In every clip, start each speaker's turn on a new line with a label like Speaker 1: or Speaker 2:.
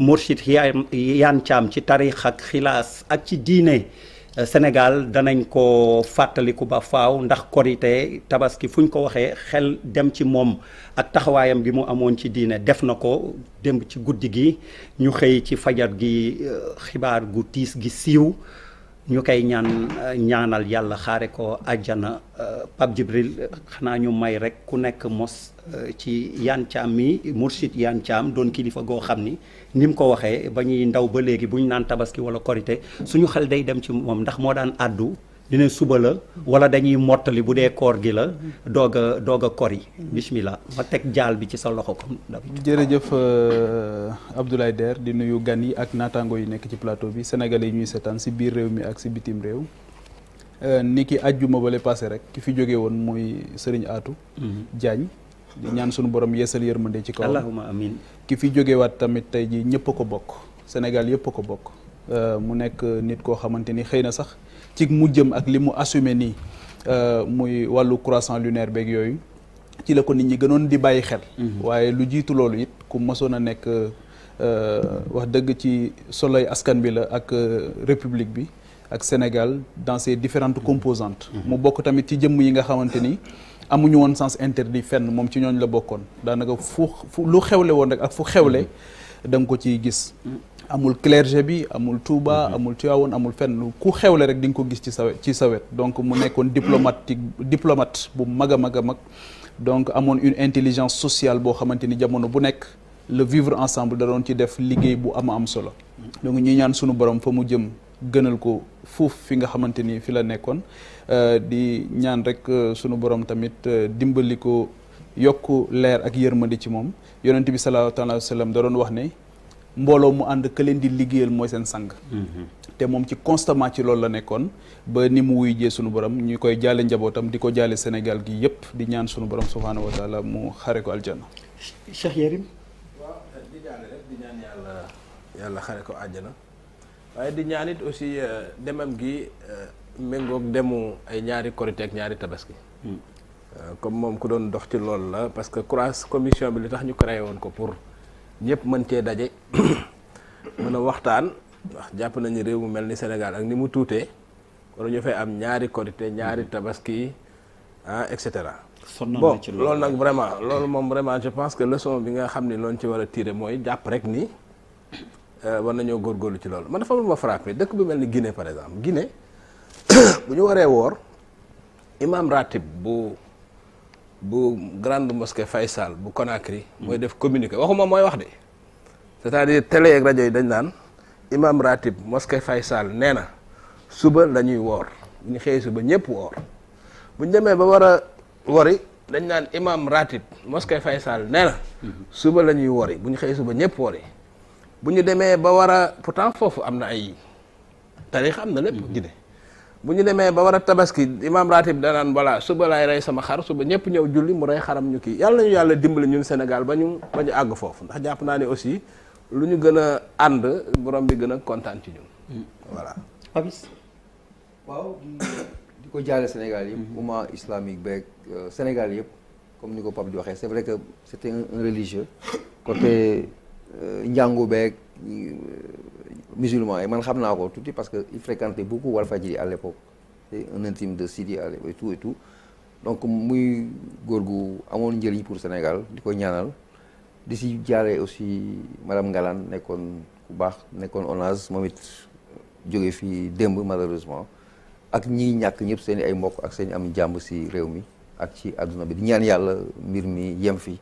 Speaker 1: Mourchid Yane Thiam ci taarix ak xilaas ak ci diine euh, Sénégal danañ ko fàttaliku ba faaw ndax korite tabaski fu ñu ko waxee xel dem ci moom ak taxawaayam bi mu amoon ci diine def na ko démb ci guddi gi ñu xëy ci fajar gi euh, xibaar gu tiis gi siiw ñu koy ñaan ñaanal yàlla xaare ko àjjana euh, Pape Djibril xanaa ñu may rek ku nekk mos euh, ci Yane Thiam mi Mourchid Yane Thiam doon kilifa goo xam ni ni mu ko waxee ba ñuy ndaw ba léegi bu ñu naan tabaski wala korité suñu xel day dem ci moom ndax moo daan àddu dina suba la wala dañuy mottali bu dee koor gi la doog a doog kor yi bismillah ma teg jaal bi ci sa loxo comme
Speaker 2: d'habitude jërëjëf euh, Abdoulaye Der di nuyu gan yi ak naataango yi nekk ci plateau bi senegale yi ñuy seetaan si biir réew mi ak si bitim réew euh, nit ki ajjuma bale paase rek ki fi jóge woon mooy sëriñ Atou mhm. Diagne di ñaan sunu borom yeesal yërmande ci kaw allahumma amin ki fi jógewaat tamit tey ji ñëpp ko bokk senegal yëpp ko bokk Euh, mu nekk nit koo xamante ni xëy na sax ci mu jëm ak li mu assumé nii euh, muy wàllu croissant lunaire beeg yooyu ci la ko nit ñi gënoon di bàyyi xel. Mhm. waaye lu jiitu loolu it ku mosoon a nekk euh, wax dëgg ci soloy askan bi la ak république bi ak Sénégal dans ses différentes mhm. composantes. Mhm. mu bokk tamit ci jëmm yi nga xamante ni. amuñu woon sens interdit fenn moom ci ñooñ la bokkoon daanaka fu lu xewle woon rek ak fu xewle da nga ko ciy gis. amul clergé bi amul Touba mhm. amul Tivaouane amul fenn ku xewle rek di nga ko gis ci sa ci sa donc mu nekkoon diplomatique diplomate bu mag a mag a mag donc amoon une intelligence sociale boo xamante ni jamono bu nekk le vivre ensemble da doon ci def liggéey bu am am solo donc ñuy ñaan sunu borom fa mu jëm gënal ko fuuf fi nga xamante ni fi la nekkoon euh, di ñaan rek euh, sunu borom tamit euh, dimbali ko yokk leer ak yërmande ci moom yonent bi sallallahu alayhi wa wax ne mbooloo mu ànd ka leen di liggéeyal mooy seen sang. Mhm. te moom ci constamment ci loolu la nekkoon ba ni mu wuy jee sunu borom ñu koy jaale njabootam di ko jaale Sénégal gi yépp di ñaan sunu borom subhaanahu wa taala mu xare ko aljana.
Speaker 1: Cheikh Yérim. waaw
Speaker 3: di ko aljana waaye di ñaan aussi euh, demam gi euh, méngoog demu ay ñaari korite ak ñaari tabaski. Mm. Euh, comme moom ku doon dox ci loolu la parce que croix commission bi li tax ñu créé woon ko pour. ñëpp mën cee daje mën a waxtaan wax jàpp nañu réew mu mel ni Sénégal ak ni mu tuutee wala ñu fay am ñaari korité ñaari tabaski ah et cetera. bon loolu nag vraiment loolu moom vraiment je pense que leçon bi nga xam ni loolu ci war a tirer mooy jàpp rek ni euh, war nañoo góor góorlu ci loolu man dafa ma frappé dëkk bu mel ni Guinée par exemple Guinée bu ñu waree woor imam ratib bu. bu grande mosquée Faysal bu Conakry. mooy def communiqué waxuma mooy wax de. c'est-à-dire télé ak rajo yi dañ naan imam ratib mosquée Faysal nee na suba la woor bu ñu xëyee ñëpp woor demee ba war a wori dañ naan imam ratib mosquée Faysal nee na suba la ñuy wori bu ñu xëyee suba ñëpp wori bu ñu demee ba war a pourtant foofu am na ay tarix am na lépp. bu ñu demee ba war a tabaski imaam ratib danaan voilà suba laay rey sama xar suba ñëpp ñëw julli mu rey xaram ñu kii yàlla nañu yàlla dimbali ñun Sénégal ba ñu ba àgg foofu ndax jàpp naa ne aussi lu ñu gën a ànd borom bi gën a kontaan ci ñun. Hmm. voilà.
Speaker 1: Papis. waaw
Speaker 3: di ko jaale Sénégal yëpp. Hmm. umma islamique beeg euh, Sénégal yëpp
Speaker 4: comme ni ko Pape di waxee c'est vrai que c'était un religieux Euh, njàngu beeg euh, musulman yi man xam naa ko tuuti parce que il fréquentait beaucoup Walfadjri à l'époque c'est un intime de Sidi à l'époque et donc muy góor gu amoon njëriñ pour Sénégal di ko ñaanal di si jaaree aussi madame ngalaan nekkoon ku baax nekkoon ONAS moom it jóge fii démb malheureusement ak ñi ñàkk ñëpp seeni ay mbokk ak seen am jàmb si réew mi ak ci àdduna bi di ñaan yàlla mbir mi yem fi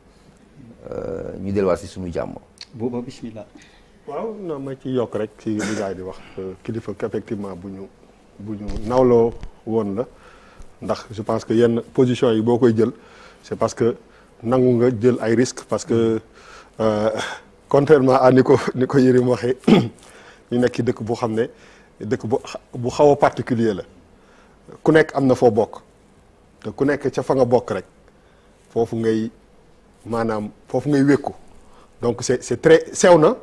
Speaker 4: euh, ñu delluwaat si sunu jàmm
Speaker 1: booba bismillah
Speaker 5: waaw non ma ci yokk rek ci li gars di wax euh, kilifa effectivement bu ñu bu ñu nawloo woon la ndax je pense que yenn position yi boo koy jël c'est parce que nangu nga jël ay risques parce que euh, contrairement à ni ko ni ko Yérim waxee ñu nekk dëkk boo xam ne dëkk bu bu xaw a particulier la ku nekk am na foo bokk te ku nekk ca fa nga bokk rek foofu ngay maanaam foofu ngay wékku donc c'est c'est très sew na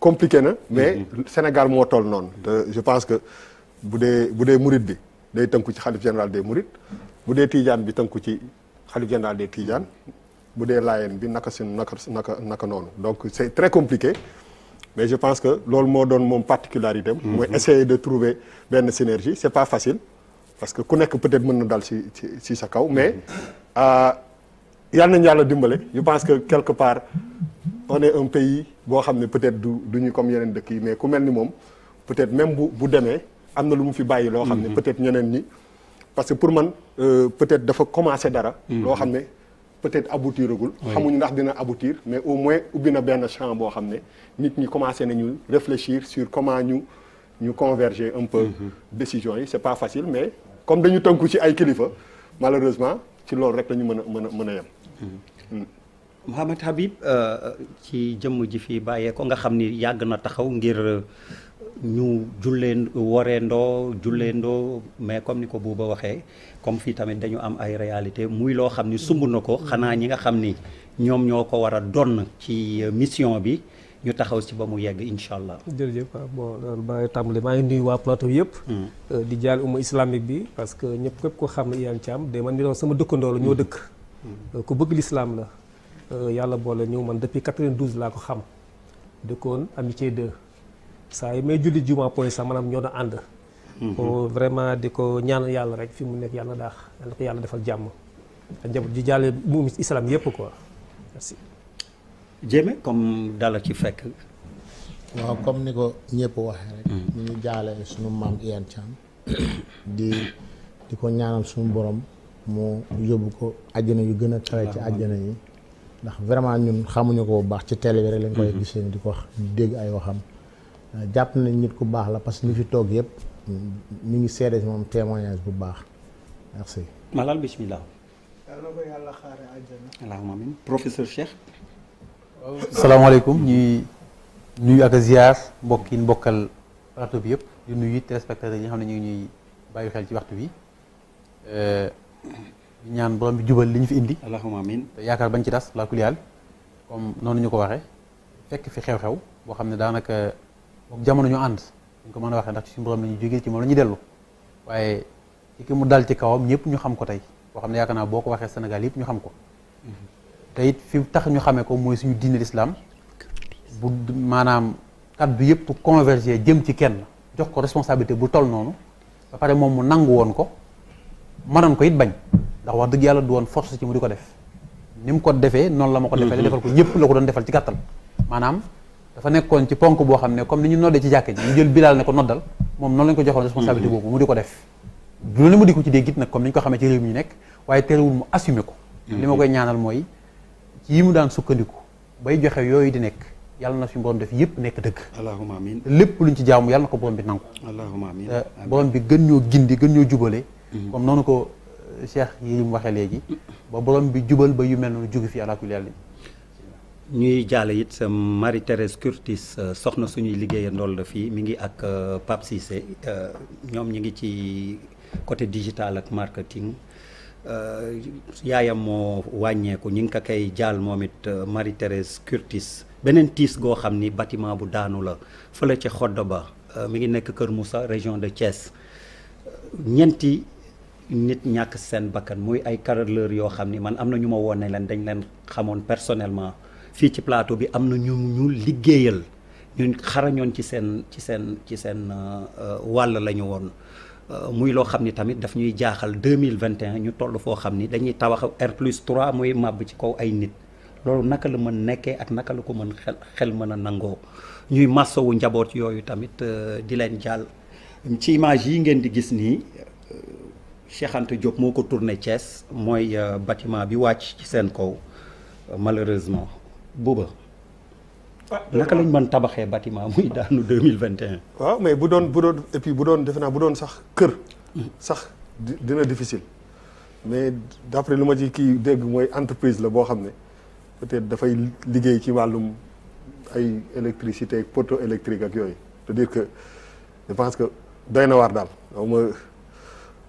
Speaker 5: compliqué na mais mhm. Sénégal moo toll noonu je pense que bu dee bu dee murit bi day tënku ci xalif général des murit bu dee Tidiane bi tënku ci xalif général des Tidiane bu dee Laayeen bi naka si naka naka naka noonu donc c'est très compliqué mais je pense que loolu moo doon moom particularité am mhm. mooy essayer de trouver benn synergie c'est pas facile parce que ku nekk peut-être mën na dal ci ci ci sa kaw mais mhm. euh, yàlla nañu yàlla dimbale je pense que quelque part on est un pays boo xam ne peut-être du du ñu comme yeneen dëkk yi mais ku mel ni moom peut-être même bu bu demee am na lu mu fi bàyyi loo xam ne mm-hmm. peut-être ñeneen ni parce que pour man euh, peut-être dafa commencer dara mm-hmm. loo xam ne peut-être aboutiragul xamuñu ndax dina aboutir mais au moins ubbi na benn champ boo xam ne nit ñi commencé nañu réfléchir sur comment ñu ñu converger un peu mm-hmm. décision yi c'est pas facile mais comme dañu tënku ci ay kilifa malheureusement ci loolu rek la mën a mën a mën a yem Mm-hmm.
Speaker 1: Mouhamed Habib euh, ci jëmm ji fi bàyyeeko nga xam ni yàgg na taxaw ngir ñu jullee woreendoo julleendoo mais comme ni ko buuba waxee comme fii tamit dañu am ay réalité muy loo xam ni sumb na ko xanaa ñi nga xam ni ñoom ñoo ko war a donn ci mission bi ñu taxaw si ba mu yegg incha allah. jërëjëf ah, bon loolu ba tàmbali maa ngi nuyu waa plateau yëpp. Mm. Euh, di jaal umma islamique bi parce que ñëpp képp ko xam na Iyane Thiam de man mi doon sama dëkkandoo la ñoo dëkk. Euh, ku bëgg lislaam la euh, yàlla boole ñëw man depuis 92 laa ko xam dëkkoon amitié 2 saa yi may julli juma point sax maanaam ñoo doon ànd ko mhm. vraiment di ko ñaan yàlla rek fi mu nekk yàlla daax yàlla ko defal jàmm ak di ji jàlle mu islam yëpp quoi merci Jéeme comme dala ci fekk
Speaker 3: waaw comme ni ko ñëpp waxee rek mhm. ñu ngi jaale suñu maam Iyane Thiam di di ko ñaanal suñu borom mu yóbbu ko àjjana yu gën a kawe ci àjjana yi ndax vraiment ñun xamuñu ko bu baax ci télé bi rek lañ koy mhm. gisee di ko wax dégg ay waxam euh, jàpp nañ nit ku baax la parce que li fi toog yëpp ñu ngi seede si moom témoignage bu baax merci
Speaker 1: malal bismillah yàlla ko yàlla xaare
Speaker 4: àjjana salaamaaleykum ñuy nuyu ak a ziar mbokk yi mbokkal rato bi yëpp di nuyu téléspectateurs yi nga xam ne ñu ngi ñuy bàyyi xel ci waxtu bi euh, ñaan borom bi jubal li ñu fi indi. allahumma amiin te yaakaar bañ ci tas laa kuliyaal comme noonu ñu ko waxee fekk fi xew-xew boo xam ne daanaka jamono ñu ànd ñu ko mën a waxee ndax ci suñu borom la ñu jógee ci moom la dellu waaye ci ki mu dal ci kawam ñëpp ñu xam ko tey boo xam ne yaakaar naa boo ko waxee Sénégal yëpp ñu xam ko te it fi tax ñu xamee ko mooy suñu diine lislaam bu maanaam kaddu yëpp converger jëm ci kenn jox ko responsabilité bu toll noonu ba pare moom mu nangu woon ko. mënoon ko it bañ ndax wax dëgg yàlla du woon force ci mu di ko def ni mu ko defee noonu la ma ko defee mm-hmm. defal ko ñëpp la ko doon defal ci gàttal maanaam dafa nekkoon ci ponk boo xam ne comme ni ñu noddee ci jàkka ji ñu jël bilaal ne ko noddal moom noonu lañ ko joxoon responsabilité mm-hmm. boobu mu di ko def lu ne mu di ko ci dégg nag comme ni ñu ko xamee ci réew mi ñu nekk waaye teewul mu assumé ko mm-hmm. li ma koy ñaanal mooy ci yi mu daan sukkandiku bay joxe yooyu di nekk yàlla na suñu borom def yëpp nekk dëgg allahumma amin lépp luñ ci jaamu yàlla ko borom bi nangu allahumma amin borom bi gën ñoo gën ñoo jubale Mhm. comme noonu ko euh, Cheikh Yérim waxee léegi ba borom bi jubal
Speaker 1: ba yu mel noonu jóge fi àlakuli àlli ñuy jaale it sa Marie Thérèse Curtis euh, soxna suñuy liggéeya ndool la fii mi ngi ak euh, Pape Cissé ñoom ñu ngi ci côté digital ak marketing yaayam moo wàññeeku ñi ngi ko koy jaal moom it Marie Thérèse Curtis beneen tiis goo xam ni bâtiment bu daanu la fële ci xodd ba mi ngi nekk Kër Moussa région de Thiès ñeenti nit ñàkk seen bakkan muy ay carreleur yoo xam ni man am na ñu ma woon leen dañ leen xamoon personnellement fii ci plateau bi am na ñu ñu liggéeyal ñun xarañoon ci seen ci seen ci seen euh, wàll la ñu woon euh, muy loo xam ni tamit daf ñuy jaaxal mille vingt 2021 ñu toll foo xam ni dañuy tabax R plus 3 muy màbb ci kaw ay nit loolu naka la mën nekkee ak naka la ko mën xel xel mën a nangoo ñuy massowu njaboot yooyu tamit euh, di leen jàll ci image yi ngeen di gis nii Cheikh Anta Diop moo ko tourné cees mooy euh, bâtiment bi wàcc ci seen kaw euh, malheureusement buuba ah, naka lañ mën tabaxee bâtiment muy daanu 2021
Speaker 5: waaw mais bu doon bu doon et puis bu doon defe naa bu doon sax kër sax dina difficile mais d'après lu ma ci kii dégg mooy entreprise la boo xam ne peut-être dafay liggéey ci wàllum ay électricité poteau électrique ak yooyu cest dire que je pense doy na waar daal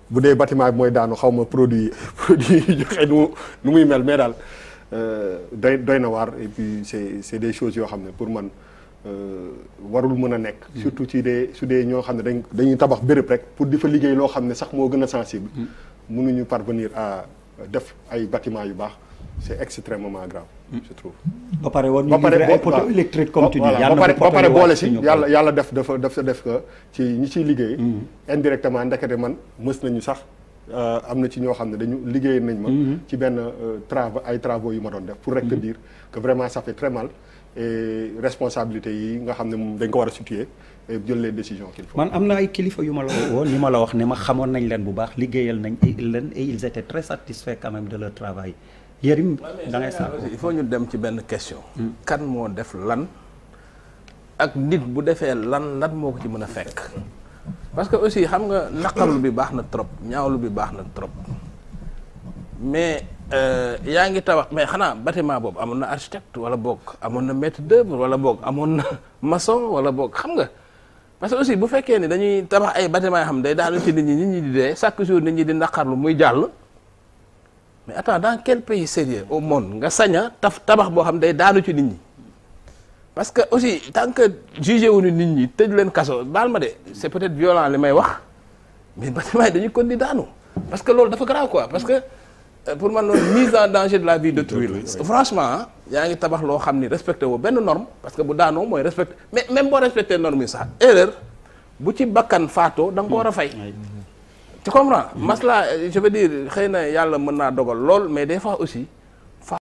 Speaker 5: bu dee bâtiment mooy daanu xaw ma produit produit yi joxe nu nu muy mel mais daal euh, doy doy na waar et puis c'est c'est des choses yoo xam ne pour man euh, warul mën a nekk. Mm. surtout ci des su dee ñoo xam ne dañ dañuy tabax béréb rek pour di fa liggéey loo xam ne sax moo gën a sensible. Mm. mënuñu parvenir à def ay bâtiment yu baax c'est extrêmement grave. je trouve.
Speaker 1: ba pare woon ñu livré ay poteaux électriques comme tu dis. yàlla na ba pare boole si yàlla
Speaker 5: yàlla def dafa dafa def que ci ñi ciy liggéey. Mm-hmm. indirectement ndekete man mës nañu sax. Euh, am na ci ñoo xam ne dañu liggéey nañ ma. Mm-hmm. ci benn euh, travaux ay travaux yu ma doon def. pour rek te mm-hmm. dire que vraiment ça fait très mal et responsabilité yi nga xam ne dañ ko war a situer jël leen décision qu'il
Speaker 1: man am na ay kilifa yu ma la woon yu la wax ni ma xamoon nañ leen bu baax liggéeyal nañ leen et ils étaient très satisfaits quand même de leur travail. Yérim da ngay sànq il faut ñu dem ci benn question. kan moo def lan
Speaker 3: ak nit bu defee lan lan moo ko ci mën a fekk. parce que aussi xam nga naqarlu bi baax na trop ñaawlu bi baax na trop mais euh, yaa ngi tabax mais xanaa bâtiment boobu amoon na architecte wala boog amoon na maître d'œuvre wala boog amoon na maçon wala boog xam nga. parce que aussi bu fekkee ni dañuy tabax ay bâtiment yoo xam day daanu ci nit ñi nit ñi di dee chaque jour nit ñi di naqarlu muy jàll. mais attends dans quel pays sérieux au monde nga sañ a taf tabax boo xam day daanu ci nit ñi parce que aussi tant que jugé wuñu nit ñi tëj leen kaso baal ma de c'est peut-être violent li may wax mais bâtiment yi dañuy kon di daanu parce que loolu dafa grave quoi parce que euh, pour man loolu mise en danger de la vie d'autrui la franchement ah, yaa ngi tabax loo xam ni respecté woo benn norm parce que bu daanoo mooy respecté mais même boo respecté norme yi sax erreur bu ci bakkan faatoo da nga ko war a fay tu comprends maslaa je veux dire xëy na yàlla mën naa dogal lool mais des fois aussi